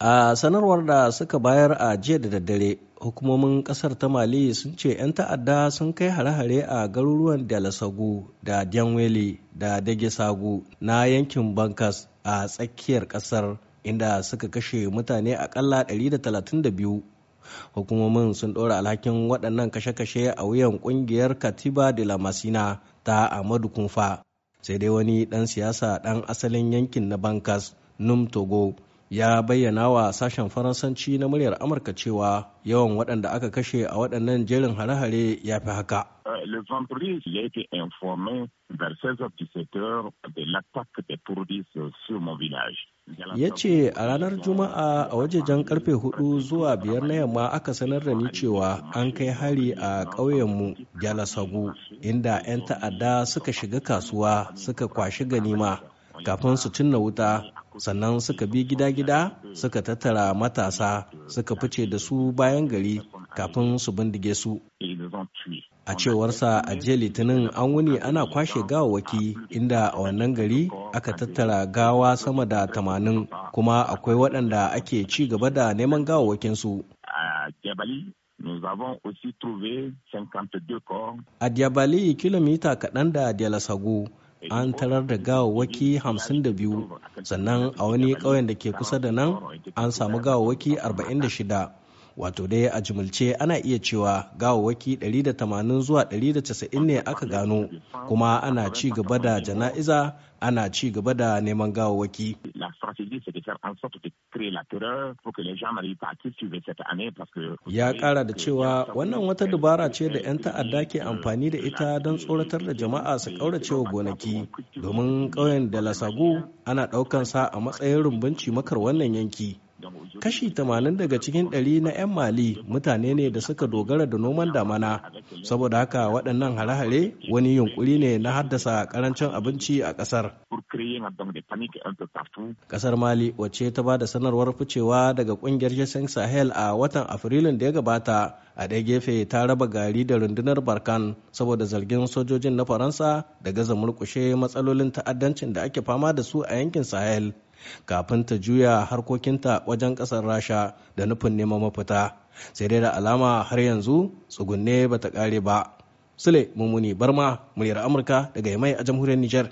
a sanarwar da suka bayar a jiya da daddare hukumomin kasar ta mali sun ce 'yan ta'adda sun kai hare-hare a garuruwan dalasagu da dianwele da dagesagu na yankin bankas a tsakiyar kasar inda suka kashe mutane akalla 132 hukumomin sun ɗora alhakin waɗannan kashe-kashe a wuyan ƙungiyar katiba de la masina ta amadu kunfa sai dai wani ɗan siyasa ɗan asalin yankin na bankas num togo ya bayyana wa sashen faransanci na muryar amurka cewa yawan waɗanda aka kashe a waɗannan jerin hare-hare ya fi haka euh, Ya ce a ranar Juma'a a wajejen karfe 4 zuwa biyar na yamma aka sanar da ni cewa an kai hari a ƙauyenmu Gyalasagu inda 'yan ta'adda suka shiga kasuwa suka kwashi ganima kafin su cinna wuta sannan suka bi gida-gida suka tattara matasa suka fice da su bayan gari kafin su bindige su a cewarsa a jiya litinin an wuni ana kwashe gawawaki inda a wannan gari aka tattara gawa sama da tamanin kuma akwai waɗanda ake ci gaba da neman gawawakinsu Nous A Diabali, kilomita kaɗan da Dialasago, an tarar da gawawwaki 52 sannan a wani ƙauyen da ke kusa da nan an samu gawawwaki 46 wato dai a jimilce ana iya cewa gawawaki 180 zuwa 190 ne aka gano kuma ana ci gaba da jana'iza ana ci gaba da neman gawawaki ya kara da cewa wannan wata dubara ce da 'yan ta'adda ke amfani da ita don tsoratar da jama'a su kauracewa gonaki domin ƙauyen da lasagu ana ɗaukansa a matsayin rumbunci makar wannan yanki kashi tamanin daga cikin ɗari na 'yan mali mutane ne da suka dogara da noman damana saboda haka waɗannan hare-hare wani yunkuri ne na haddasa ƙarancin abinci a ƙasar ƙasar mali wacce ta ba da sanarwar ficewa daga ƙungiyar jason sahel a watan afrilun da ya gabata a ɗaya gefe ta raba gari da rundunar barkan saboda zargin sojojin na faransa da gaza murkushe matsalolin ta'addancin da ake fama da su a yankin sahel kafin ta juya harkokinta wajen kasar rasha da nufin neman mafita sai dai da alama har yanzu tsugunne ba ta kare ba sule mummuni barma muryar amurka daga yamai a jamhuriyar nijar.